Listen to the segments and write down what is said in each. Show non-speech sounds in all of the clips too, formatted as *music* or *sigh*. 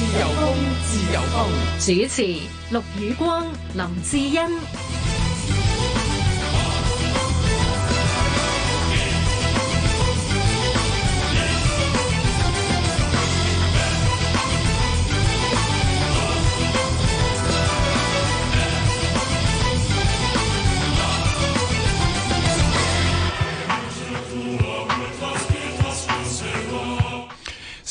自由風，自由風。主持：陸宇光、林志欣。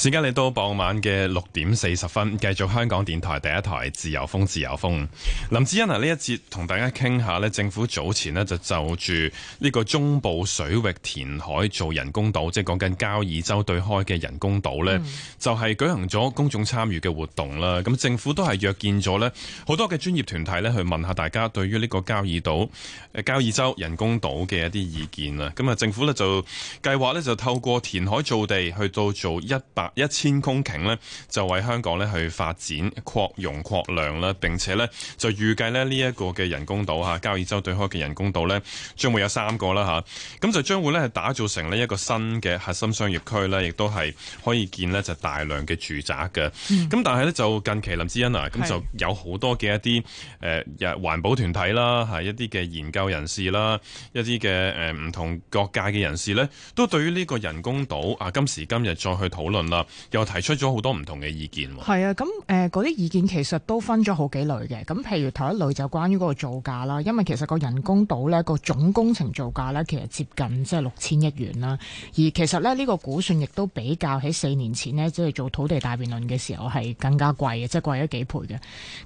而家嚟到傍晚嘅六點四十分，繼續香港電台第一台自由風，自由風。林志恩啊，呢一節同大家傾下咧，政府早前咧就就住呢個中部水域填海做人工島，即係講緊交椅洲對開嘅人工島咧、嗯，就係、是、舉行咗公眾參與嘅活動啦。咁政府都係約見咗咧好多嘅專業團體咧，去問下大家對於呢個交椅島、誒交椅洲人工島嘅一啲意見啦。咁啊，政府咧就計劃咧就透過填海造地去到做一百。一千公頃咧，就為香港咧去發展、擴容、擴量啦。並且咧，就預計咧呢一個嘅人工島吓，交椅洲對開嘅人工島咧，將會有三個啦吓，咁就將會咧係打造成呢一個新嘅核心商業區咧，亦都係可以建咧就大量嘅住宅嘅。咁、嗯、但係咧就近期林志恩啊，咁就有好多嘅一啲誒環保團體啦，係一啲嘅研究人士啦，一啲嘅誒唔同各界嘅人士咧，都對於呢個人工島啊，今時今日再去討論啦。又提出咗好多唔同嘅意見，係啊，咁誒嗰啲意見其實都分咗好幾類嘅，咁譬如頭一類就關於嗰個造價啦，因為其實個人工島咧個總工程造價咧其實接近即係六千億元啦，而其實咧呢、這個估算亦都比較喺四年前咧即係做土地大辯論嘅時候係更加貴嘅，即係貴咗幾倍嘅。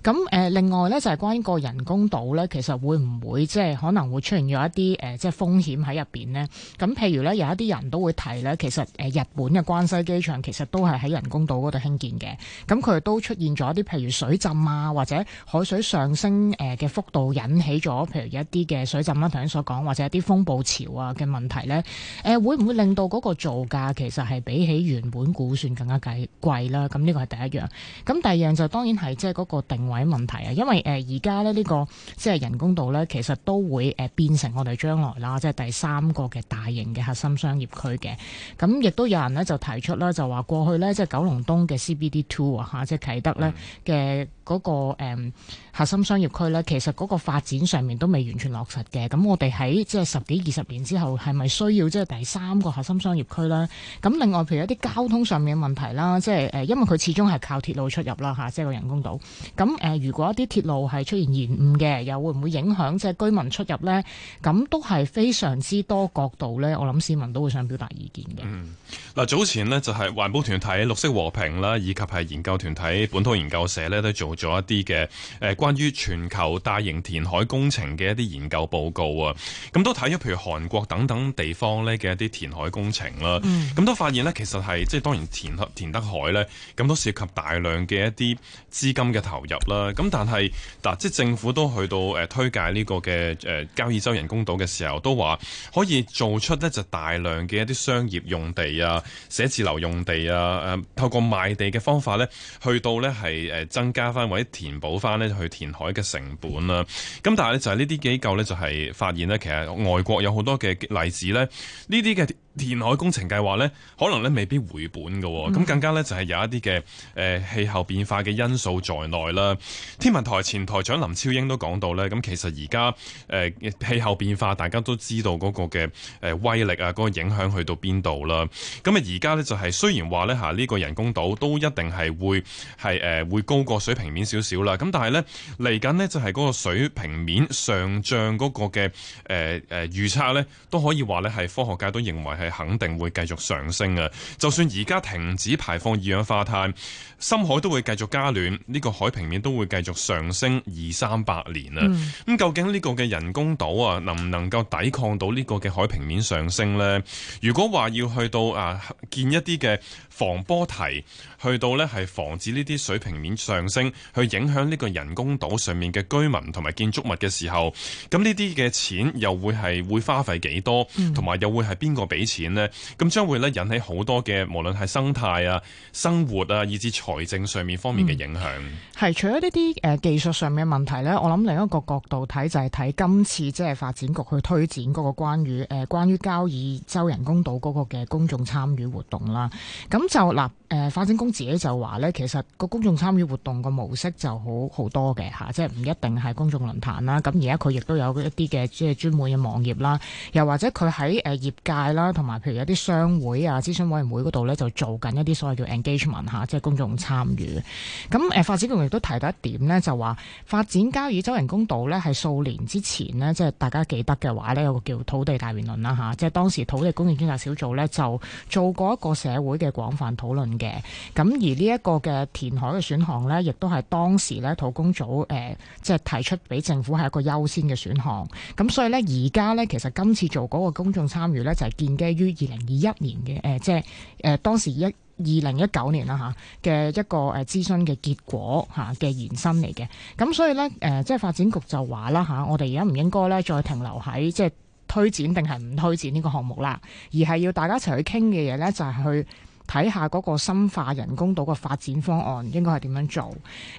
咁誒、呃，另外咧就係、是、關於個人工島咧，其實會唔會即係可能會出現咗一啲誒、呃、即係風險喺入邊咧？咁譬如咧有一啲人都會提咧，其實誒日本嘅關西機場其實。都係喺人工島嗰度興建嘅，咁佢都出現咗一啲譬如水浸啊，或者海水上升誒嘅幅度引起咗，譬如一啲嘅水浸啦，啊，頭先所講，或者一啲風暴潮啊嘅問題咧，誒會唔會令到嗰個造價其實係比起原本估算更加計貴咧？咁呢個係第一樣，咁第二樣就當然係即係嗰個定位問題啊，因為誒而家咧呢個即係人工島咧，其實都會誒變成我哋將來啦，即係第三個嘅大型嘅核心商業區嘅，咁亦都有人咧就提出啦，就話。過去呢，即係九龍東嘅 CBD Two 啊，嚇，即係啟德呢嘅嗰、那個、嗯、核心商業區呢，其實嗰個發展上面都未完全落實嘅。咁我哋喺即係十幾二十年之後，係咪需要即係第三個核心商業區呢？咁另外譬如一啲交通上面嘅問題啦，即係誒，因為佢始終係靠鐵路出入啦，嚇、啊，即係個人工島。咁誒、呃，如果一啲鐵路係出現延誤嘅，又會唔會影響即係居民出入呢？咁都係非常之多角度呢，我諗市民都會想表達意見嘅。嗱、嗯呃，早前呢就係環保，團體綠色和平啦，以及係研究團體本土研究社咧，都做咗一啲嘅誒，關於全球大型填海工程嘅一啲研究報告啊。咁都睇咗，譬如韓國等等地方咧嘅一啲填海工程啦。咁、嗯、都發現咧，其實係即係當然填填得海咧，咁都涉及大量嘅一啲資金嘅投入啦。咁但係嗱，即政府都去到誒推介呢個嘅誒交椅洲人工島嘅時候，都話可以做出咧就大量嘅一啲商業用地啊、寫字樓用地啊誒、啊，透過賣地嘅方法咧，去到咧係誒增加返或者填補返咧去填海嘅成本啦、啊。咁但係咧就係、是、呢啲機構咧就係、是、發現咧，其實外國有好多嘅例子咧，呢啲嘅。填海工程計劃呢，可能未必回本喎、哦。咁、嗯、更加呢，就係、是、有一啲嘅誒氣候變化嘅因素在內啦。天文台前台長林超英都講到呢，咁其實而家誒氣候變化，大家都知道嗰個嘅威力啊，嗰、那個影響去到邊度啦。咁啊而家呢，就係、是、雖然話呢，嚇呢個人工島都一定係會係、呃、高過水平面少少啦，咁但係呢，嚟緊呢，就係、是、嗰個水平面上漲嗰個嘅誒誒預測呢，都可以話呢，係科學界都認為。係肯定會繼續上升啊，就算而家停止排放二氧化碳。深海都會繼續加暖，呢、這個海平面都會繼續上升二三百年啦。咁、嗯、究竟呢個嘅人工島啊，能唔能夠抵抗到呢個嘅海平面上升咧？如果話要去到啊建一啲嘅防波堤，去到咧係防止呢啲水平面上升，去影響呢個人工島上面嘅居民同埋建築物嘅時候，咁呢啲嘅錢又會係會花費幾多少？同埋又會係邊個俾錢咧？咁將會咧引起好多嘅無論係生態啊、生活啊，以至財財政上面方面嘅影響、嗯，係除咗呢啲誒技術上面嘅問題咧，我諗另一個角度睇就係、是、睇今次即係發展局去推展嗰個關於誒、呃、關於交椅洲人工島嗰個嘅公眾參與活動啦。咁就嗱誒、呃、發展局自己就話咧，其實個公眾參與活動個模式就好好多嘅嚇、啊，即係唔一定係公眾論壇啦。咁而家佢亦都有一啲嘅即係專門嘅網頁啦、啊，又或者佢喺誒業界啦，同、啊、埋譬如有啲商會啊、諮詢委員會嗰度咧，就做緊一啲所謂叫 engagement 嚇、啊，即係公眾。參與咁誒、呃、發展局亦都提到一點咧，就話發展交椅洲人工島呢，咧係數年之前呢，即係大家記得嘅話咧，有個叫土地大辯論啦嚇、啊，即係當時土地供應專責小組咧就做過一個社會嘅廣泛討論嘅。咁而呢一個嘅填海嘅選項咧，亦都係當時咧土供組誒、呃、即係提出俾政府係一個優先嘅選項。咁所以咧而家咧其實今次做嗰個公眾參與咧，就係、是、建基於二零二一年嘅誒、呃，即係誒、呃、當時一。二零一九年啦嚇嘅一個誒諮詢嘅結果嚇嘅延伸嚟嘅，咁所以咧誒、呃、即係發展局就話啦嚇，我哋而家唔應該咧再停留喺即係推展定係唔推展呢個項目啦，而係要大家一齊去傾嘅嘢咧就係、是、去。睇下嗰個深化人工島嘅發展方案應該係點樣做？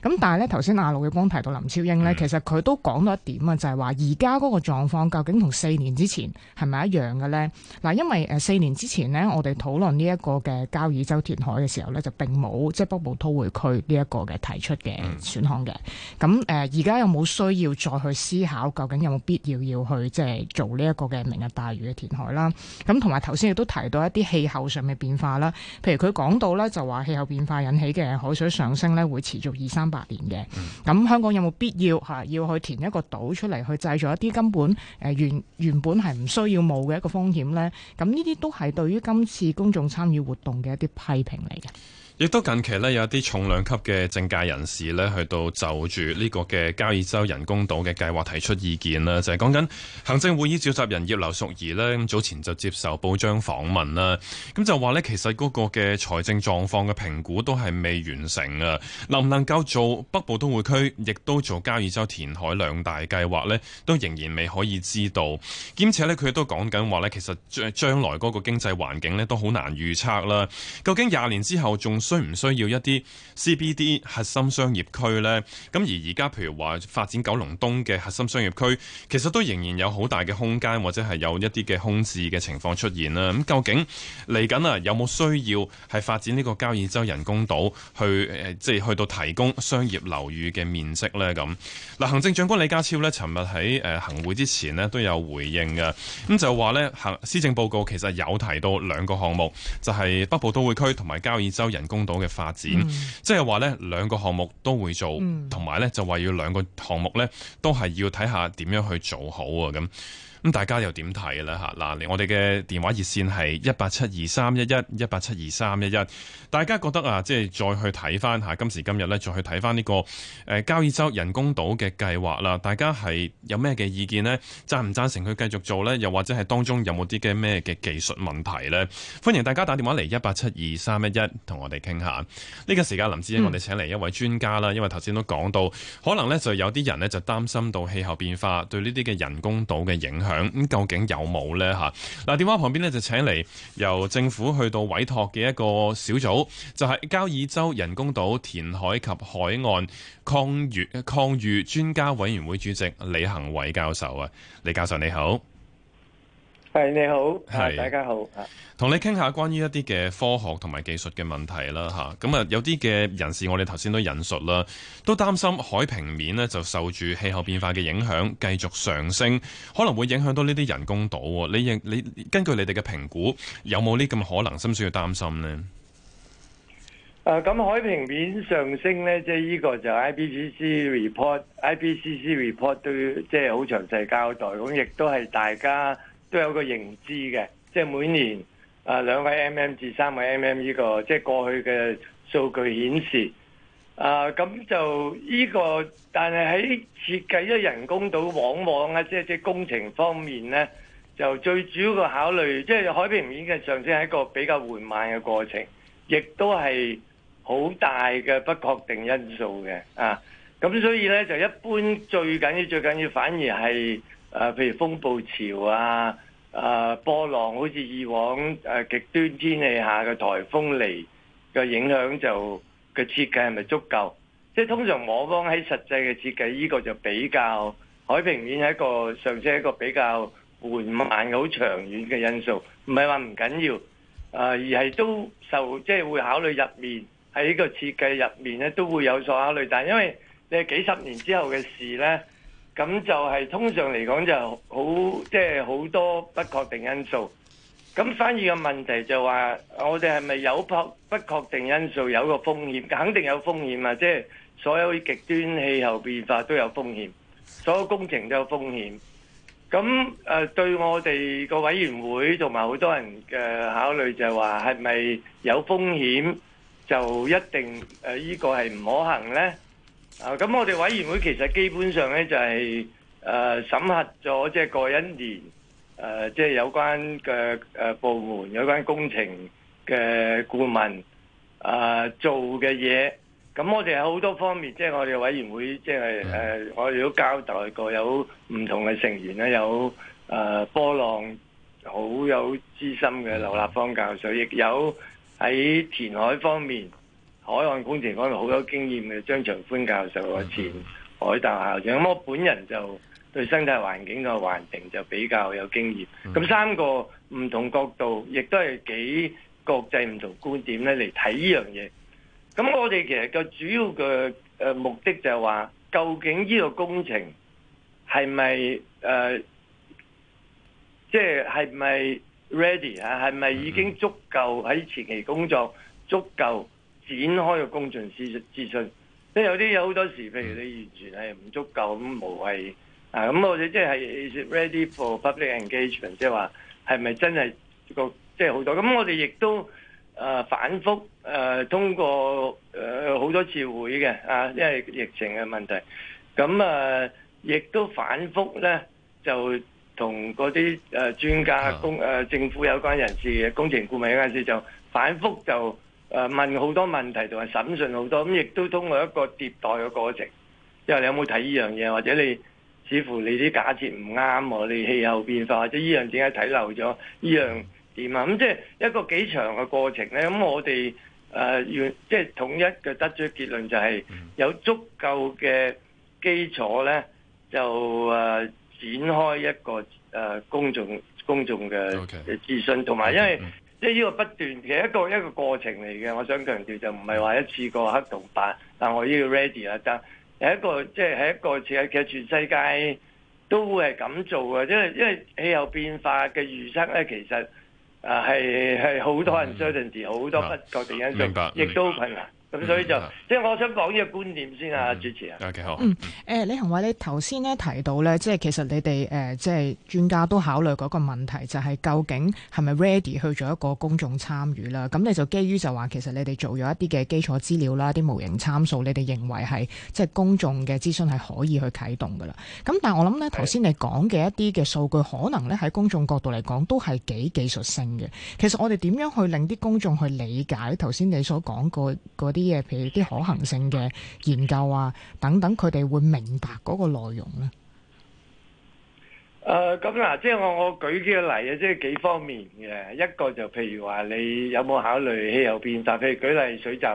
咁但係咧，頭先阿魯嘅光提到林超英咧，其實佢都講到一點啊，就係話而家嗰個狀況究竟同四年之前係咪一樣嘅咧？嗱，因為四年之前咧，我哋討論呢一個嘅交椅洲填海嘅時候咧，就並冇即北部都會區呢一個嘅提出嘅選項嘅。咁而家有冇需要再去思考究竟有冇必要要去即係做呢一個嘅明日大嶼嘅填海啦？咁同埋頭先亦都提到一啲氣候上嘅變化啦。譬如佢講到咧，就話氣候變化引起嘅海水上升咧，會持續二三百年嘅。咁、嗯、香港有冇必要嚇要去填一個島出嚟去製造一啲根本誒、呃、原原本係唔需要冒嘅一個風險呢？咁呢啲都係對於今次公眾參與活動嘅一啲批評嚟嘅。亦都近期咧有啲重量級嘅政界人士咧去到就住呢個嘅交椅洲人工島嘅計劃提出意見啦，就係講緊行政會議召集人葉劉淑儀咧，早前就接受報章訪問啦，咁就話咧其實嗰個嘅財政狀況嘅評估都係未完成啊，能唔能夠做北部都會區亦都做交椅洲填海兩大計劃咧，都仍然未可以知道。兼且咧佢都講緊話咧，其實將來來嗰個經濟環境咧都好難預測啦，究竟廿年之後仲需唔需要一啲 CBD 核心商業區咧？咁而而家譬如話發展九龍東嘅核心商業區其實都仍然有好大嘅空間或者係有一啲嘅空置嘅情況出現啦。咁究竟嚟緊啊，有冇需要係發展呢個交椅洲人工島去？誒即係去到提供商業樓宇嘅面積咧？咁嗱，行政長官李家超咧，尋日喺誒行會之前咧都有回應嘅，咁就話咧行施政報告其實有提到兩個項目，就係、是、北部都會區同埋交椅洲人工。到嘅發展，即係話咧兩個項目都會做，同埋咧就話要兩個項目咧都係要睇下點樣去做好啊咁。咁大家又點睇呢嚇？嗱，我哋嘅電話熱線係一八七二三一一一八七二三一一。大家覺得啊，即係再去睇翻嚇今時今日呢，再去睇翻呢個、呃、交椅洲人工島嘅計劃啦。大家係有咩嘅意見呢？贊唔贊成佢繼續做呢？又或者係當中有冇啲嘅咩嘅技術問題呢？歡迎大家打電話嚟一八七二三一一，同我哋傾下。呢、這個時間林志英我哋請嚟一位專家啦。因為頭先都講到，可能呢就有啲人呢就擔心到氣候變化對呢啲嘅人工島嘅影響。咁究竟有冇呢？吓，嗱，電話旁邊呢，就請嚟由政府去到委託嘅一個小組，就係交椅洲人工島填海及海岸抗禦抗禦專家委員會主席李行偉教授啊。李教授你好。係你好，係大家好。同你傾下關於一啲嘅科學同埋技術嘅問題啦，吓咁啊，有啲嘅人士我哋頭先都引述啦，都擔心海平面呢就受住氣候變化嘅影響繼續上升，可能會影響到呢啲人工島。你你根據你哋嘅評估，有冇呢咁可能，心需要擔心呢？誒、啊，咁海平面上升呢，即係呢個就 IPCC report，IPCC report 對即係好詳細交代，咁亦都係大家。都有個認知嘅，即係每年啊兩位 mm 至三位 mm 呢個，即係過去嘅數據顯示啊，咁就呢個，但係喺設計咗人工島，往往咧即係即係工程方面咧，就最主要嘅考慮，即係海平面嘅上升係一個比較緩慢嘅過程，亦都係好大嘅不確定因素嘅啊。咁所以咧就一般最緊要、最緊要反而係。誒，譬如風暴潮啊，誒波浪，好似以往誒極端天氣下嘅颱風嚟嘅影響，就嘅設計係咪足夠？即係通常我方喺實際嘅設計，呢個就比較海平面係一個上次一個比較緩慢、好長遠嘅因素，唔係話唔緊要，誒而係都受即係會考慮入面喺呢個設計入面咧都會有所考慮，但係因為你係幾十年之後嘅事咧。咁就係通常嚟講就好，即係好多不確定因素。咁反而嘅問題就話，我哋係咪有不不確定因素，有個風險？肯定有風險啊！即係所有極端氣候變化都有風險，所有工程都有風險。咁誒，對我哋個委員會同埋好多人嘅考慮，就係話係咪有風險就一定誒呢個係唔可行呢？啊！咁我哋委員會其實基本上咧就係誒審核咗即係過一年誒，即係有關嘅誒部門、有關工程嘅顧問啊做嘅嘢。咁我哋有好多方面，即係我哋委員會即係誒，我哋都交代過，有唔同嘅成員咧，有誒波浪好有資深嘅劉立方教授，亦有喺填海方面。海岸工程嗰度好有經驗嘅張長寬教授啊，前海大校長。咁我本人就對生態環境個環境就比較有經驗。咁三個唔同角度，亦都係幾國際唔同觀點咧嚟睇呢樣嘢。咁我哋其實個主要嘅誒目的就係話，究竟呢個工程係咪誒，即係係咪 ready 啊？係咪已經足夠喺前期工作足夠？展開個公眾諮詢諮詢，即係有啲有好多時，譬如你完全係唔足夠咁無謂啊！咁我哋即係 ready for public engagement，即係話係咪真係個即係好多？咁我哋亦都誒、呃、反覆誒、呃、通過誒好、呃、多次會嘅啊，因為疫情嘅問題。咁啊，亦、呃、都反覆咧，就同嗰啲誒專家、公誒、呃、政府有關人士、工程顧問嗰陣時就反覆就。誒，問好多問題同埋審訊好多，咁亦都通過一個迭代嘅過程。即係你有冇睇呢樣嘢？或者你似乎你啲假設唔啱我哋氣候變化，或者呢樣點解睇漏咗呢樣點啊？咁、嗯嗯、即係一個幾長嘅過程咧。咁、嗯、我哋誒要即係統一嘅得出結論，就係有足夠嘅基礎咧，就誒、呃、展開一個誒、呃、公眾公眾嘅諮詢，同、okay. 埋因為。Okay. 即係呢個不斷嘅一個一個過程嚟嘅，我想強調就唔係話一次過黑同白，但我呢個 ready 啦，但係一個即係係一個，其、就、實、是、其實全世界都會係咁做嘅，因為因為氣候變化嘅預測咧，其實啊係係好多人相對時好多不確定因素，亦都困難。咁所以就、嗯、即係我想講呢個觀點先啊、嗯，主持啊。嗯，誒、嗯，李行偉，你頭先咧提到咧，即係其實你哋誒、呃、即係專家都考慮過一個問題，就係、是、究竟係咪 ready 去做一個公眾參與啦？咁你就基於就話其實你哋做咗一啲嘅基礎資料啦，啲模型參數你哋認為係即係公眾嘅諮詢係可以去啟動噶啦。咁但我諗咧，頭先你講嘅一啲嘅數據可能咧喺公眾角度嚟講都係幾技術性嘅。其實我哋點樣去令啲公眾去理解頭先你所講過嗰啲，啲嘢，譬如啲可行性嘅研究啊，等等，佢哋會明白嗰個內容咧。誒、呃，咁嗱，即係我我舉幾個例啊，即係幾方面嘅，一個就譬如話你有冇考慮氣候變化，譬如舉例水浸。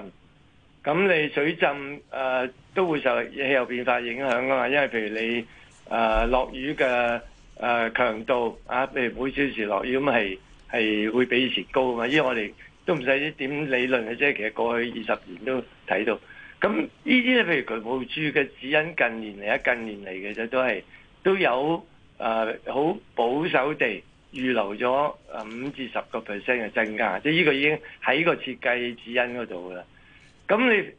咁你水浸誒、呃、都會受氣候變化影響噶嘛？因為譬如你誒落、呃、雨嘅誒強度啊，譬如每小時落雨咁係係會比以前高啊嘛？因為我哋。都唔使啲點理論嘅啫，其實過去二十年都睇到。咁呢啲咧，譬如渠務署嘅指引，近年嚟啊，近年嚟嘅啫，都係都有誒好保守地預留咗誒五至十個 percent 嘅增加，即係依個已經喺個設計指引嗰度嘅啦。咁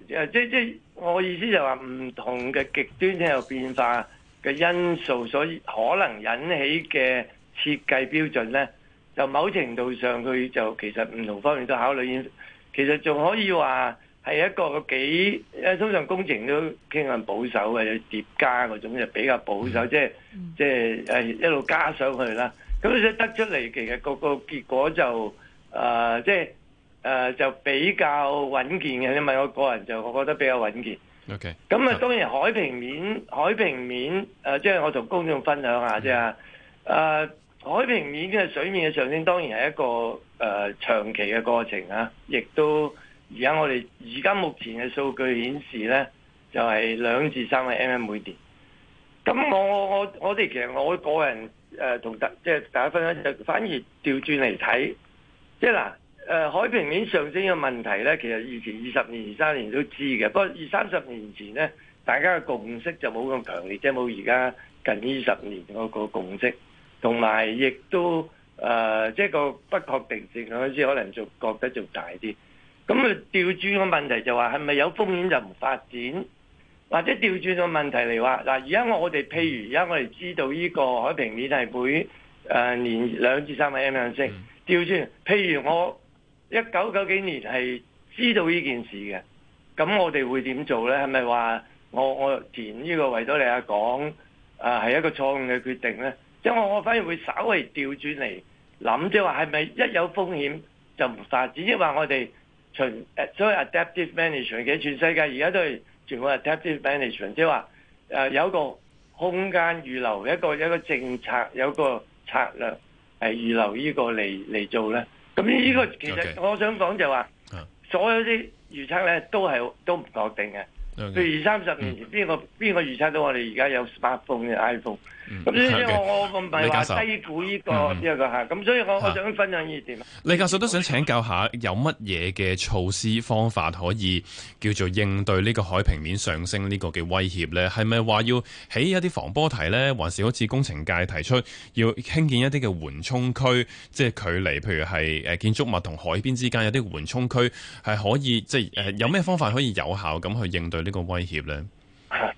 你誒即即我意思就話唔同嘅極端有變化嘅因素，所以可能引起嘅設計標準咧。就某程度上，佢就其實唔同方面都考慮。其實仲可以話係一個幾誒，通常工程都傾向保守嘅有疊加嗰種，就比較保守，即係即係誒一路加上去啦。咁所得出嚟，其實個個結果就誒，即係誒就比較穩健嘅。因為我個人就我覺得比較穩健。OK。咁啊，當然海平面，海平面誒，即係我同公眾分享下先啊，誒。海平面嘅水面嘅上升當然係一個誒、呃、長期嘅過程啊！亦都而家我哋而家目前嘅數據顯示咧，就係，是，兩至三 mm 每年。咁我我我我哋其實我個人誒同大即係大家分享，反而調轉嚟睇，即係嗱誒海平面上升嘅問題咧，其實以前二十年、二三年，年都知嘅，不過二三十年前咧，大家嘅共識就冇咁強烈，即係冇而家近二十年嗰個共識。同埋亦都誒，即、呃、係、就是、個不確定性嗰啲，可能就覺得就大啲。咁啊，調轉個問題就話係咪有風險就唔發展，或者調轉個問題嚟話嗱，而家我哋譬如而家我哋知道呢個海平面係會誒每年兩至三個 M 兩升。調轉，譬如我一九九幾年係知道呢件事嘅，咁我哋會點做咧？係咪話我我填呢個維多利亞港誒係一個錯誤嘅決定咧？因為我反而會稍微調轉嚟諗，即係話係咪一有風險就唔發展？即係話我哋從所謂 adaptive management 嘅全世界，而家都係全部 adaptive management，即話有一個空間預留，一個一個政策，有一個策略係預留這個來來做呢個嚟嚟做咧。咁呢個其實我想講就話，所有啲預測咧都係都唔確定嘅。譬如三十年前邊個邊個預測到我哋而家有 smartphone、iPhone？咁所以即係我我唔係話低估呢個呢個吓，咁所以我、這個嗯，這個、所以我想分享意見，嗯。李教授都想請教一下，有乜嘢嘅措施方法可以叫做應對呢個海平面上升這個呢個嘅威脅咧？係咪話要起一啲防波堤咧？還是好似工程界提出要興建一啲嘅緩衝區，即係距離，譬如係誒建築物同海邊之間有啲緩衝區，係可以即係誒有咩方法可以有效咁去應對呢個威脅咧？嗯嗯。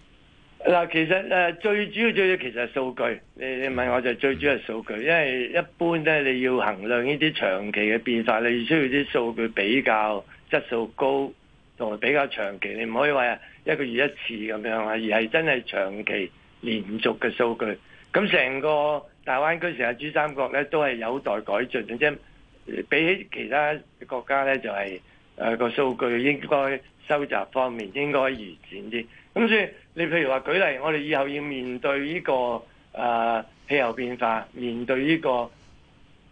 嗱，其實誒最主要、最主要其實係數據。你你問我就最主要係數據，因為一般咧你要衡量呢啲長期嘅變化，你需要啲數據比較質素高，同埋比較長期。你唔可以話一個月一次咁樣啊，而係真係長期連續嘅數據。咁成個大灣區成個珠三角咧都係有待改進嘅啫，就是、比起其他國家咧就係、是、誒、個數據應該收集方面應該完善啲。咁所以你譬如話舉例，我哋以後要面對呢、這個誒、呃、氣候變化，面對呢個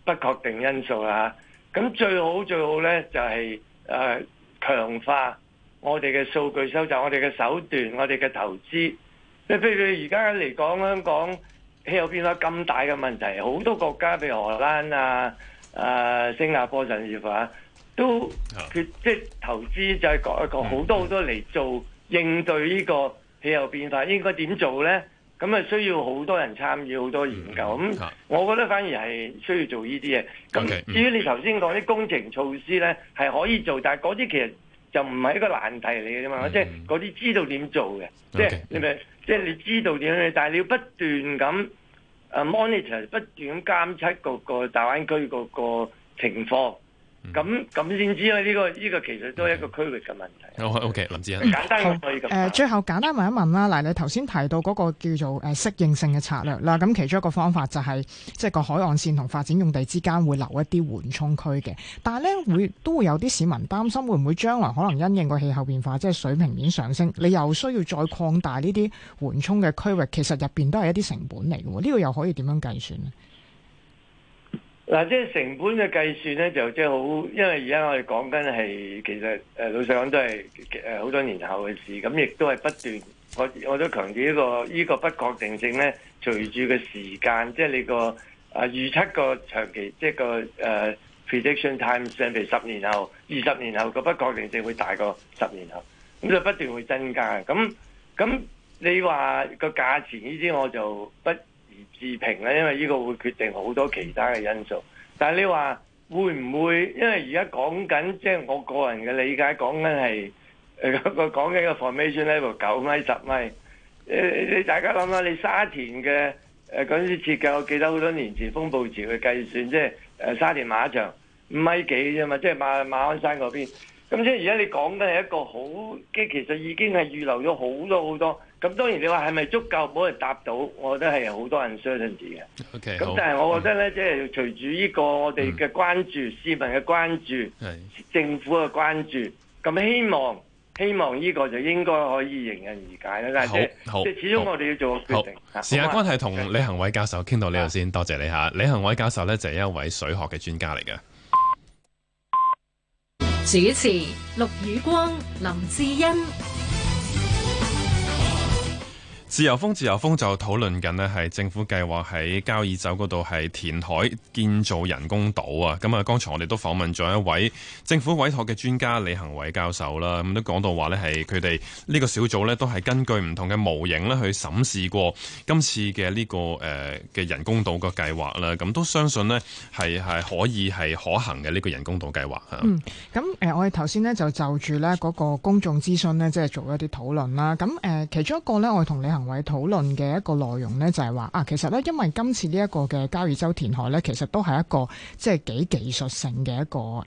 不確定因素啦。咁、啊、最好最好咧，就係、是、誒、呃、強化我哋嘅數據收集，我哋嘅手段，我哋嘅投資。即譬如而家嚟講，香港氣候變化咁大嘅問題，好多國家譬如荷蘭啊、誒、啊、新加坡甚至乎啊，都決即係投資就係講一講好多好多嚟做。應對呢個氣候變化應該點做咧？咁啊，需要好多人參與，好多研究。咁、嗯、我覺得反而係需要做呢啲嘢。咁、okay, 至於你頭先講啲工程措施咧，係可以做，嗯、但係嗰啲其實就唔係一個難題嚟嘅啫嘛。即係嗰啲知道點做嘅，即係你咪，即、就、係、係、你知道點樣，但係你要不斷咁啊 monitor，不斷咁監測嗰個大灣區嗰個情況。咁咁先知啦、這個，呢個呢個其實都係一個區域嘅問題。OK，林子欣，簡單可以咁。誒、呃，最後簡單問一問啦，嗱，你頭先提到嗰個叫做誒適應性嘅策略啦，咁其中一個方法就係即係個海岸線同發展用地之間會留一啲緩衝區嘅，但係咧會都會有啲市民擔心會唔會將來可能因應個氣候變化，即、就、係、是、水平面上升，你又需要再擴大呢啲緩衝嘅區域，其實入邊都係一啲成本嚟嘅，呢、這個又可以點樣計算？呢嗱，即係成本嘅計算咧，就即係好，因為而家我哋講緊係其實誒老實講都係誒好多年後嘅事，咁亦都係不斷，我我都強調一個呢個不確定性咧，隨住個時間，即係你個啊預測個長期即係個誒、uh, prediction time，譬如十年後、二十年後嘅不確定性會大過十年後，咁就不斷會增加嘅。咁咁你話個價錢呢啲我就不自評咧，因為呢個會決定好多其他嘅因素。但係你話會唔會？因為而家講緊，即係我個人嘅理解，講緊係誒個講緊嘅 formation level 九米十米。誒、呃，你大家諗下，你沙田嘅誒嗰陣時設計，我記得好多年前風暴潮嘅計算，即係誒沙田馬場五米幾啫嘛，即係馬馬鞍山嗰邊。咁即係而家你講緊係一個好，即係其實已經係預留咗好多好多。咁當然你話係咪足夠，冇人答到，我覺得係、okay，好多人相信 surprise 嘅咁但係我覺得咧、嗯，即係隨住呢個我哋嘅關注，嗯、市民嘅關注，政府嘅關注，咁希望希望呢個就應該可以迎刃而解啦。即係即係始終我哋要做個決定。時間關係同李行偉教授傾到呢度先，多謝你嚇。李行偉教授咧就係一位水學嘅專家嚟嘅。主持陸宇光、林志恩。自由風，自由風就討論緊咧，係政府計劃喺交椅洲嗰度係填海建造人工島啊！咁啊，剛才我哋都訪問咗一位政府委託嘅專家李行偉教授啦，咁都講到話呢係佢哋呢個小組呢，都係根據唔同嘅模型呢去審視過今次嘅呢個誒嘅人工島嘅計劃啦，咁都相信呢係係可以係可行嘅呢個人工島計劃嚇、嗯。咁誒，我哋頭先呢，就就住呢嗰個公眾諮詢呢，即係做咗一啲討論啦。咁誒，其中一個呢，我同李同位討論嘅一個內容呢，就是，就係話啊，其實呢，因為今次呢一個嘅交椅洲填海呢，其實都係一個即係幾技術性嘅一個誒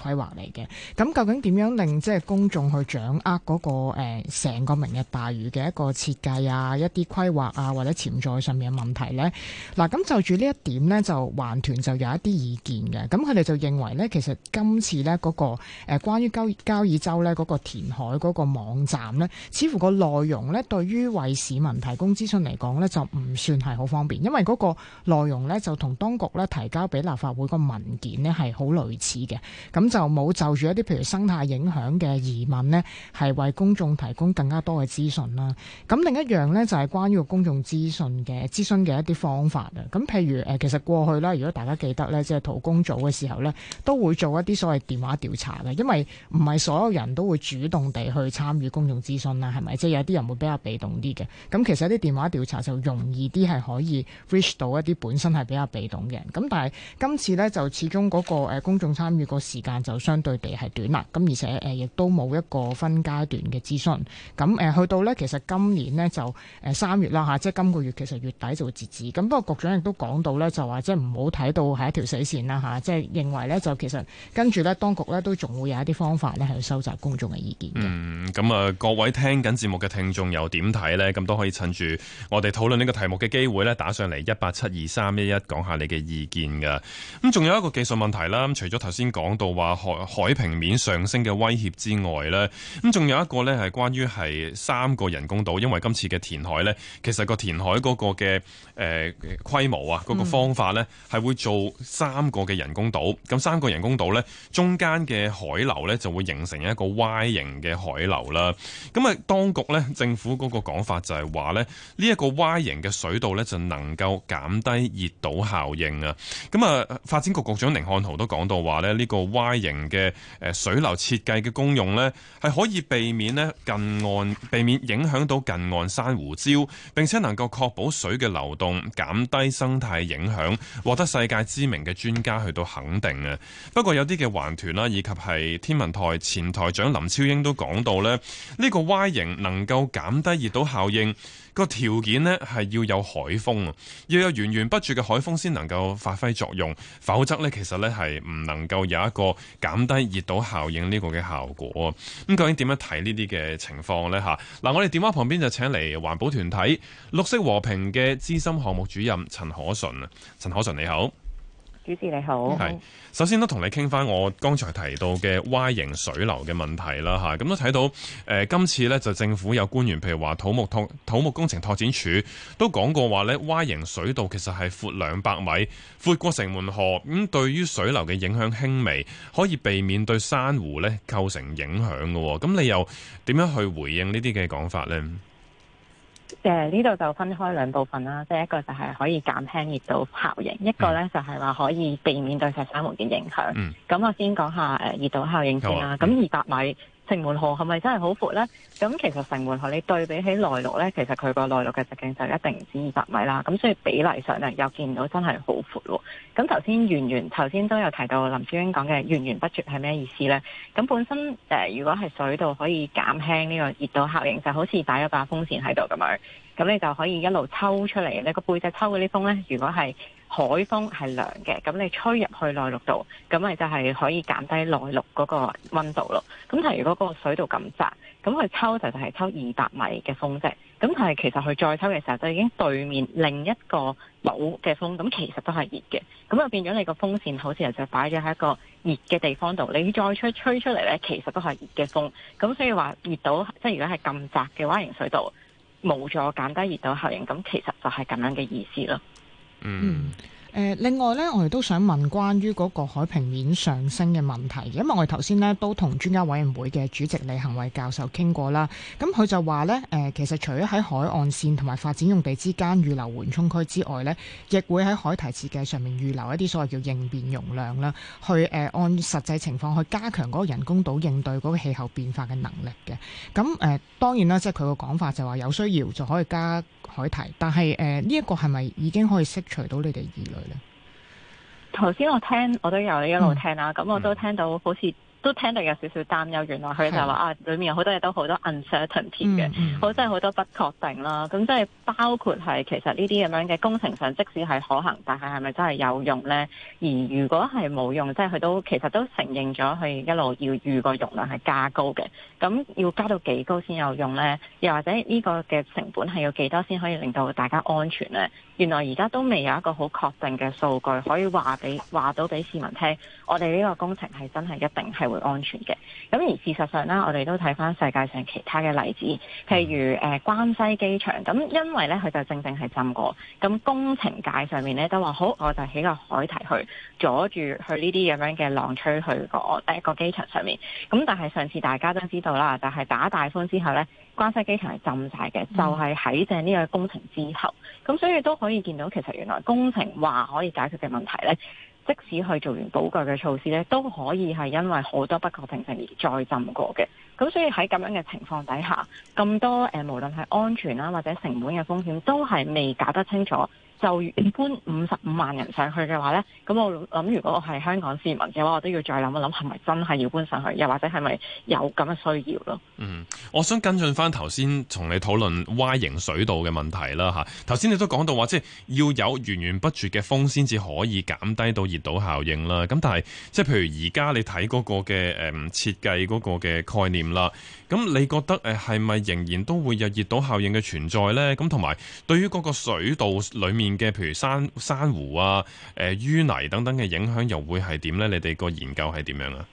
規劃嚟嘅。咁、呃、究竟點樣令即係公眾去掌握嗰、那個成、呃、個明日大嶼嘅一個設計啊、一啲規劃啊或者潛在上面嘅問題呢？嗱、啊，咁就住呢一點呢，就環團就有一啲意見嘅。咁佢哋就認為呢，其實今次呢嗰、那個誒、呃、關於交，交椅洲呢嗰、那個填海嗰個網站呢，似乎個內容呢對於為市民提供資訊嚟講呢就唔算係好方便，因為嗰個內容呢就同當局咧提交俾立法會個文件呢係好類似嘅，咁就冇就住一啲譬如生態影響嘅疑問呢，係為公眾提供更加多嘅資訊啦。咁另一樣呢，就係關於個公眾諮詢嘅諮詢嘅一啲方法啊。咁譬如誒，其實過去啦，如果大家記得呢，即係土工組嘅時候呢，都會做一啲所謂電話調查啦，因為唔係所有人都會主動地去參與公眾諮詢啦，係咪？即係有啲人會比較被動啲嘅。咁其實啲電話調查就容易啲，係可以 reach 到一啲本身係比較被動嘅。咁但係今次呢，就始終嗰個公眾參與個時間就相對地係短啦。咁而且誒亦都冇一個分階段嘅諮詢。咁誒去到呢，其實今年呢，就誒三月啦嚇，即係今個月其實月底就會截止。咁不過局長亦都講到呢，就話即係唔好睇到係一條死線啦嚇。即係認為呢，就其實跟住呢，當局呢都仲會有一啲方法呢，係要收集公眾嘅意見嘅。嗯，咁啊、呃、各位聽緊節目嘅聽眾又點睇呢？都可以趁住我哋討論呢個題目嘅機會咧，打上嚟一八七二三一一，講下你嘅意見噶。咁仲有一個技術問題啦，除咗頭先講到話海海平面上升嘅威脅之外咧，咁仲有一個咧係關於係三個人工島，因為今次嘅填海咧，其實個填海個嘅誒、呃、規模啊，個方法咧係會做三個嘅人工島。咁三個人工島咧、嗯，中間嘅海流咧就會形成一個 Y 型嘅海流啦。咁啊，當局咧政府個講法就是。係話咧，呢、這、一個 Y 型嘅水道咧，就能夠減低熱島效應啊！咁啊，發展局局長寧漢豪都講到話咧，呢、這個 Y 型嘅誒水流設計嘅功用咧，係可以避免咧近岸，避免影響到近岸珊瑚礁，並且能夠確保水嘅流動，減低生態影響，獲得世界知名嘅專家去到肯定啊！不過有啲嘅環團啦，以及係天文台前台長林超英都講到咧，呢、這個 Y 型能夠減低熱島效應。個條件呢係要有海風，要有源源不絕嘅海風先能夠發揮作用，否則呢其實呢係唔能夠有一個減低熱島效應呢個嘅效果。咁究竟點樣睇呢啲嘅情況呢？吓，嗱，我哋電話旁邊就請嚟環保團體綠色和平嘅資深項目主任陳可淳，陳可淳你好。主持你好。係首先都同你傾翻我剛才提到嘅 Y 型水流嘅問題啦，吓，咁都睇到誒，今次咧就政府有官員，譬如話土木拓土木工程拓展處都講過話呢 Y 型水道其實係闊兩百米，闊過城門河，咁對於水流嘅影響輕微，可以避免對珊瑚咧構成影響嘅。咁你又點樣去回應呢啲嘅講法呢？誒呢度就分開兩部分啦，即係一個就係可以減輕熱島效應，一個咧就係話可以避免對石珊瑚嘅影響。咁、嗯、我先講下誒熱島效應先啦。咁二百米。城門河係咪真係好闊呢？咁其實城門河你對比起內陸呢，其實佢個內陸嘅直徑就一定唔止二百米啦。咁所以比例上呢，又見到真係好闊喎、哦。咁頭先源源頭先都有提到林志英講嘅源源不絕係咩意思呢？咁本身誒、呃，如果係水道可以減輕呢個熱島效應，就好似擺咗把風扇喺度咁樣，咁你就可以一路抽出嚟。你個背脊抽嘅呢風呢，如果係。海風係涼嘅，咁你吹入去內陸度，咁咪就係可以減低內陸嗰個溫度咯。咁但如果嗰個水道咁窄，咁佢抽就就係抽二百米嘅風啫。咁但其實佢再抽嘅時候，就已經對面另一個島嘅風，咁其實都係熱嘅。咁啊變咗你個風扇好似就擺咗喺一個熱嘅地方度，你再吹吹出嚟呢，其實都係熱嘅風。咁所以話熱島，即係如果係咁窄嘅彎形水道，冇咗減低熱島效應，咁其實就係咁樣嘅意思咯。Mm. 嗯，誒、呃，另外咧，我哋都想問關於嗰個海平面上升嘅問題，因為我哋頭先咧都同專家委員會嘅主席李行偉教授傾過啦。咁佢就話咧，誒、呃，其實除咗喺海岸綫同埋發展用地之間預留緩衝區之外咧，亦會喺海堤設計上面預留一啲所謂叫應變容量啦，去誒、呃、按實際情況去加強嗰個人工島應對嗰個氣候變化嘅能力嘅。咁誒、呃，當然啦，即係佢個講法就話有需要就可以加。海堤，但係誒呢一個係咪已經可以消除到你哋疑慮咧？頭先我聽，我都有一路聽啦，咁、嗯、我都聽到好似都聽到有少少擔憂，原來佢就話啊，裏面有好多嘢都好多 uncertainty 嘅，好真係好多不確定啦。咁即係包括係其實呢啲咁樣嘅工程上，即使係可行，但係係咪真係有用呢？而如果係冇用，即係佢都其實都承認咗，佢一路要預個容量係加高嘅。咁要加到幾高先有用呢？又或者呢個嘅成本係要幾多先可以令到大家安全呢？原來而家都未有一個好確定嘅數據，可以話俾話到俾市民聽，我哋呢個工程係真係一定係會安全嘅。咁而事實上啦，我哋都睇翻世界上其他嘅例子，譬如誒、呃、關西機場，咁因為呢，佢就正正係浸過，咁工程界上面呢，都話好，我就起個海堤去阻住去呢啲咁樣嘅浪吹去個第一、嗰個機場上面。咁但係上次大家都知道啦，但係打大風之後呢。關西機場係浸晒嘅，就係喺正呢個工程之後，咁所以都可以見到，其實原來工程話可以解決嘅問題咧，即使去做完補救嘅措施咧，都可以係因為好多不確定性而再浸過嘅。咁所以喺咁樣嘅情況底下，咁多誒，無論係安全啦或者成本嘅風險，都係未搞得清楚。就搬五十五萬人上去嘅話咧，咁我諗如果我係香港市民嘅話，我都要再諗一諗係咪真係要搬上去，又或者係咪有咁嘅需要咯？嗯，我想跟進翻頭先同你討論 Y 型水道嘅問題啦，吓。頭先你都講到話，即係要有源源不絕嘅風先至可以減低到熱島效應啦。咁、啊、但係即係譬如而家你睇嗰個嘅誒設計嗰個嘅概念啦，咁你覺得誒係咪仍然都會有熱島效應嘅存在咧？咁同埋對於嗰個水道裏面。嘅譬如珊珊瑚啊，誒、呃、淤泥等等嘅影響又會係點咧？你哋個研究係點樣啊？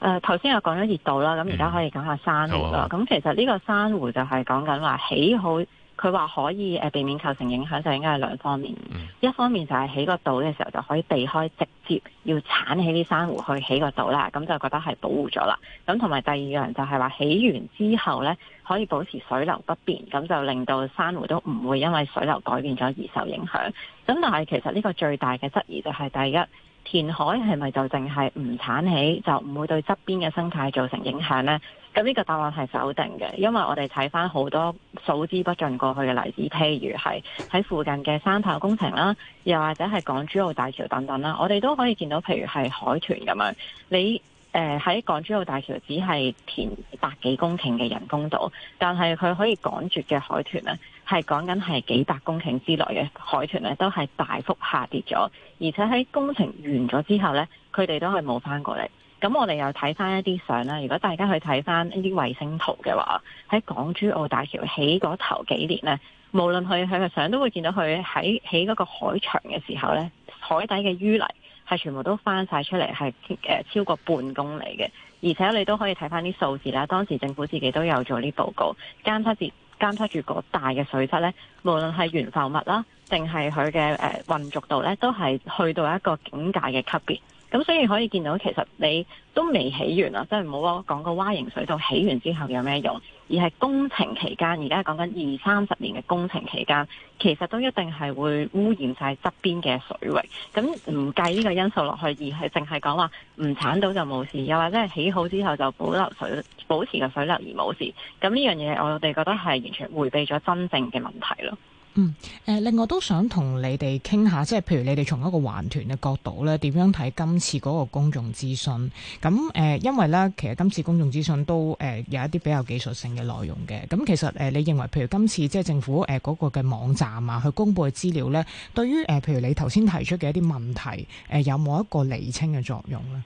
誒頭先又講咗熱度啦，咁而家可以講下珊瑚啦。咁其實呢個珊瑚就係講緊話起好。佢話可以誒避免構成影響，就應該係兩方面。嗯。一方面就係起個島嘅時候就可以避開直接要剷起啲珊瑚去起個島啦，咁就覺得係保護咗啦。咁同埋第二樣就係話起完之後呢，可以保持水流不變，咁就令到珊瑚都唔會因為水流改變咗而受影響。咁但係其實呢個最大嘅質疑就係第一，填海係咪就淨係唔剷起就唔會對側邊嘅生態造成影響呢？咁呢個答案係否定嘅，因為我哋睇翻好多數之不盡過去嘅例子，譬如係喺附近嘅三跑工程啦，又或者係港珠澳大橋等等啦，我哋都可以見到，譬如係海豚咁樣，你誒喺港珠澳大橋只係填百幾公頃嘅人工島，但係佢可以趕絕嘅海豚呢係講緊係幾百公頃之內嘅海豚呢都係大幅下跌咗，而且喺工程完咗之後呢，佢哋都係冇翻過嚟。咁我哋又睇翻一啲相啦。如果大家去睇翻一啲衛星圖嘅話，喺港珠澳大橋起嗰頭幾年呢，無論佢喺個相都會見到佢喺起嗰個海牆嘅時候呢，海底嘅淤泥係全部都翻晒出嚟，係、呃、超過半公里嘅。而且你都可以睇翻啲數字啦，當時政府自己都有做啲報告監測住監測住嗰大嘅水質呢，無論係懸浮物啦，定係佢嘅誒渾濁度呢，都係去到一個警戒嘅級別。咁所以可以見到，其實你都未起完啊，即係唔好講個 Y 型水道起完之後有咩用，而係工程期間，而家講緊二三十年嘅工程期間，其實都一定係會污染曬側邊嘅水域。咁唔計呢個因素落去，而係淨係講話唔鏟到就冇事，又或者係起好之後就保留水保持個水流而冇事。咁呢樣嘢我哋覺得係完全回避咗真正嘅問題咯。嗯，誒，另外都想同你哋傾下，即係譬如你哋從一個環團嘅角度咧，點樣睇今次嗰個公眾諮詢？咁誒，因為咧，其實今次公眾諮詢都誒有一啲比較技術性嘅內容嘅。咁其實誒，你認為譬如今次即係政府誒嗰個嘅網站啊，去公布嘅資料咧，對於誒譬如你頭先提出嘅一啲問題，誒有冇一個釐清嘅作用咧？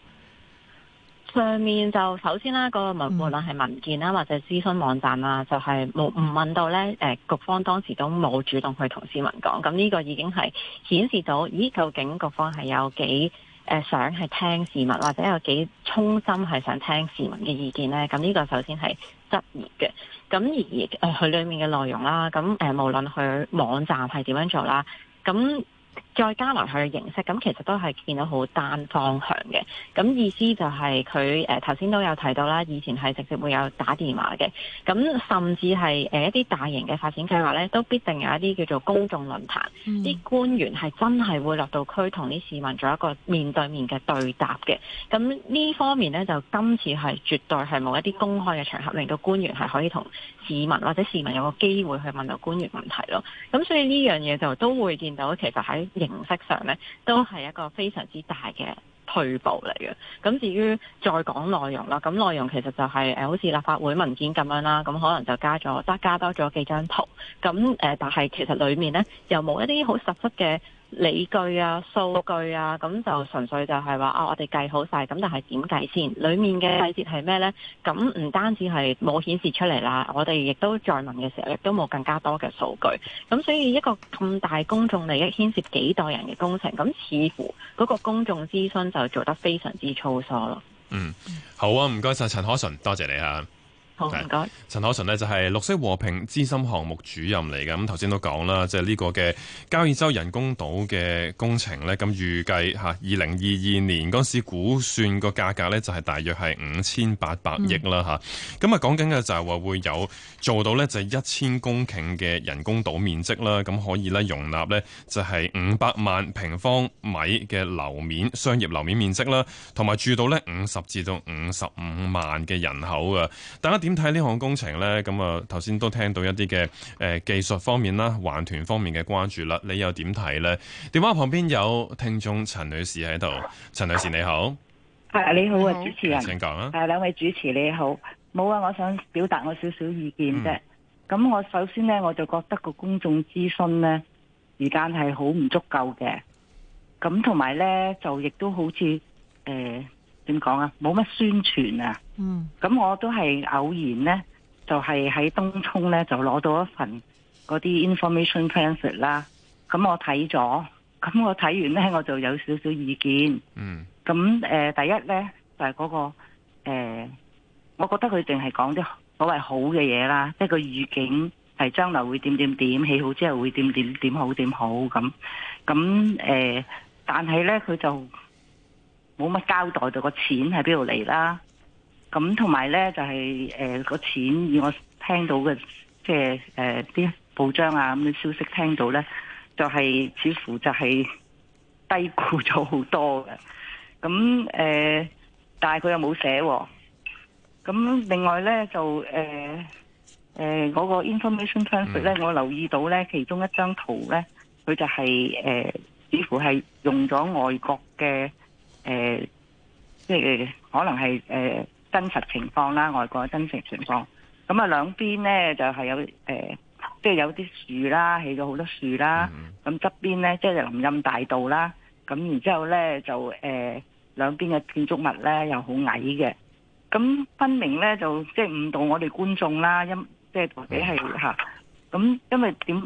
上面就首先啦，嗰個無論係文件啦，或者諮詢網站啦，就係冇唔問到咧。誒，局方當時都冇主動去同市民講，咁呢個已經係顯示到，咦？究竟局方係有幾想係聽市民，或者有幾衷心係想聽市民嘅意見咧？咁呢個首先係質疑嘅。咁而誒，佢裡面嘅內容啦，咁誒，無論佢網站係點樣做啦，咁。再加埋佢嘅形式，咁其實都係見到好單方向嘅。咁意思就係佢誒，頭先都有提到啦，以前係直接會有打電話嘅。咁甚至係誒一啲大型嘅發展計劃咧，都必定有一啲叫做公眾論壇，啲、嗯、官員係真係會落到區同啲市民做一個面對面嘅對答嘅。咁呢方面咧，就今次係絕對係冇一啲公開嘅場合令到官員係可以同市民或者市民有個機會去問到官員問題咯。咁所以呢樣嘢就都會見到，其實喺。形式上呢都係一個非常之大嘅退步嚟嘅。咁至於再講內容啦，咁內容其實就係、是、誒，好似立法會文件咁樣啦，咁可能就加咗，得加多咗幾張圖。咁誒，但係其實裡面呢，又冇一啲好實質嘅理據啊、數據啊，咁就純粹就係話啊，我哋計好晒。咁但係點計先？裏面嘅細節係咩呢？咁唔單止係冇顯示出嚟啦，我哋亦都再問嘅時候，亦都冇更加多嘅數據。咁所以一個咁大公眾利益牽涉幾代人嘅工程，咁似乎嗰個公眾諮詢就做得非常之粗疏咯。嗯，好啊，唔該晒陳可淳，多謝你啊。好，唔該，陳可淳呢就係綠色和平資深項目主任嚟嘅。咁頭先都講啦，即係呢個嘅交椅洲人工島嘅工程呢，咁預計嚇二零二二年嗰時估算個價格呢，就係大約係五千八百億啦，咁啊講緊嘅就係話會有做到呢，就係一千公頃嘅人工島面積啦，咁可以咧容納呢就係五百萬平方米嘅樓面商業樓面面積啦，同埋住到呢五十至到五十五萬嘅人口啊。點睇呢項工程呢？咁啊，頭先都聽到一啲嘅誒技術方面啦、環團方面嘅關注啦，你又點睇呢？電話旁邊有聽眾陳女士喺度，陳女士你好，啊、你好啊、嗯、主持人，請講啊。誒、啊，兩位主持你好，冇啊，我想表達我少少意見啫。咁、嗯、我首先呢，我就覺得個公眾諮詢呢時間係好唔足夠嘅。咁同埋呢，就亦都好似誒點講啊？冇乜宣傳啊！嗯，咁我都係偶然咧，就係喺東涌呢，就攞、是、到一份嗰啲 information transit 啦。咁我睇咗，咁我睇完呢，我就有少少意見。嗯，咁誒、呃，第一呢，就係、是、嗰、那個誒、呃，我覺得佢淨係講啲所謂好嘅嘢啦，即、就、係、是、個預警係將來會點點點起好之後會點點點好點好咁。咁誒、呃，但係呢，佢就冇乜交代到、那個錢喺邊度嚟啦。咁同埋咧，就係、是、個、呃、錢，以我聽到嘅即係啲報章啊咁嘅消息聽到咧，就係、是、似乎就係低估咗好多嘅。咁、呃、但係佢又冇寫喎、哦。咁另外咧就誒誒，我、呃呃嗰個 information transfer 咧、嗯，我留意到咧，其中一張圖咧，佢就係、是呃、似乎係用咗外國嘅，即係可能係。真實情況啦，外國嘅真實情況。咁啊，兩邊呢就係有誒，即係有啲樹啦，起咗好多樹啦。咁側邊呢即係林蔭大道啦。咁然之後呢就誒，兩邊嘅建築物呢又好矮嘅。咁分明呢就即係誤導我哋觀眾啦。因即係或者係嚇。咁因為點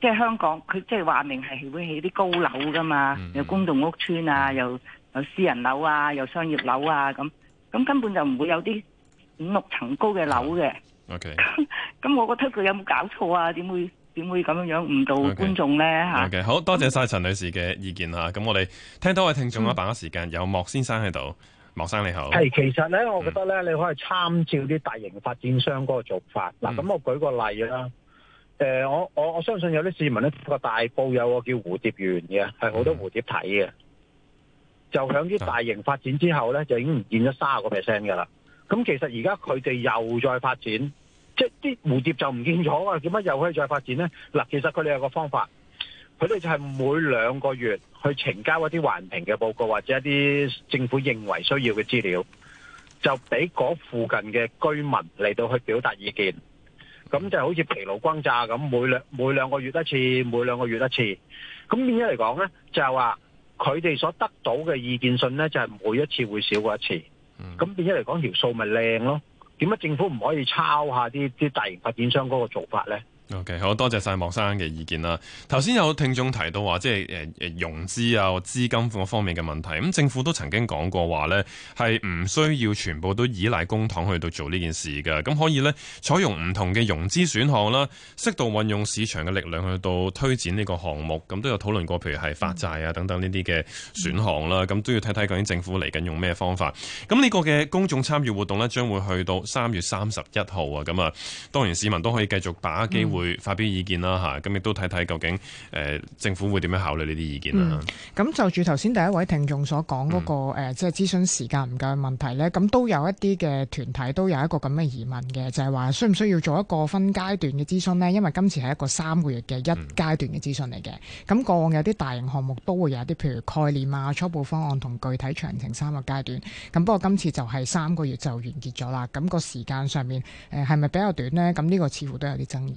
即係香港，佢即係話明係會起啲高樓㗎嘛。有公共屋邨啊，又有私人樓啊，有商業樓啊咁。咁根本就唔會有啲五六層高嘅樓嘅。Ok，咁， *laughs* 我覺得佢有冇搞錯啊？點會點會咁樣樣誤導觀眾咧？嚇。OK，okay. 好多謝晒陳女士嘅意見嚇。咁、嗯、我哋聽多位聽眾啊，把握時間有莫先生喺度。莫生你好。係，其實咧，我覺得咧、嗯，你可以參照啲大型發展商嗰個做法。嗱、嗯、咁我舉個例啦、呃。我我我相信有啲市民咧，個大埔有個叫蝴蝶園嘅，係好多蝴蝶睇嘅。嗯就響啲大型發展之後咧，就已經唔見咗卅個 percent 嘅啦。咁其實而家佢哋又再發展，即係啲蝴蝶就唔見咗呀。點解又可以再發展咧？嗱，其實佢哋有個方法，佢哋就係每兩個月去呈交一啲環評嘅報告或者一啲政府認為需要嘅資料，就俾嗰附近嘅居民嚟到去表達意見。咁就好似疲勞轟炸咁，每兩每兩個月一次，每兩個月一次。咁變咗嚟講咧，就係話。佢哋所得到嘅意見信呢，就係每一次會少過一次，咁變咗嚟講條數咪靚咯。點解政府唔可以抄下啲啲大型發展商嗰個做法呢？OK，好多謝晒莫生嘅意見啦。頭先有聽眾提到話，即係誒誒融資啊，資金嗰方面嘅問題。咁政府都曾經講過話呢係唔需要全部都依賴公帑去到做呢件事嘅。咁可以呢，採用唔同嘅融資選項啦，適度運用市場嘅力量去到推展呢個項目。咁都有討論過，譬如係發債啊等等呢啲嘅選項啦。咁都要睇睇究竟政府嚟緊用咩方法。咁呢個嘅公眾參與活動呢，將會去到三月三十一號啊。咁啊，當然市民都可以繼續把握機會，會發表意見啦，吓咁亦都睇睇究竟誒，政府會點樣考慮呢啲意見啦。咁、嗯、就住頭先第一位聽眾所講嗰個誒，即係諮詢時間唔夠嘅問題呢，咁、嗯、都有一啲嘅團體都有一個咁嘅疑問嘅，就係、是、話需唔需要做一個分階段嘅咨詢呢？因為今次係一個三個月嘅一階段嘅咨詢嚟嘅。咁過往有啲大型項目都會有一啲，譬如概念啊、初步方案同具體詳情三個階段。咁不過今次就係三個月就完結咗啦。咁、那個時間上面誒係咪比較短呢？咁呢個似乎都有啲爭議。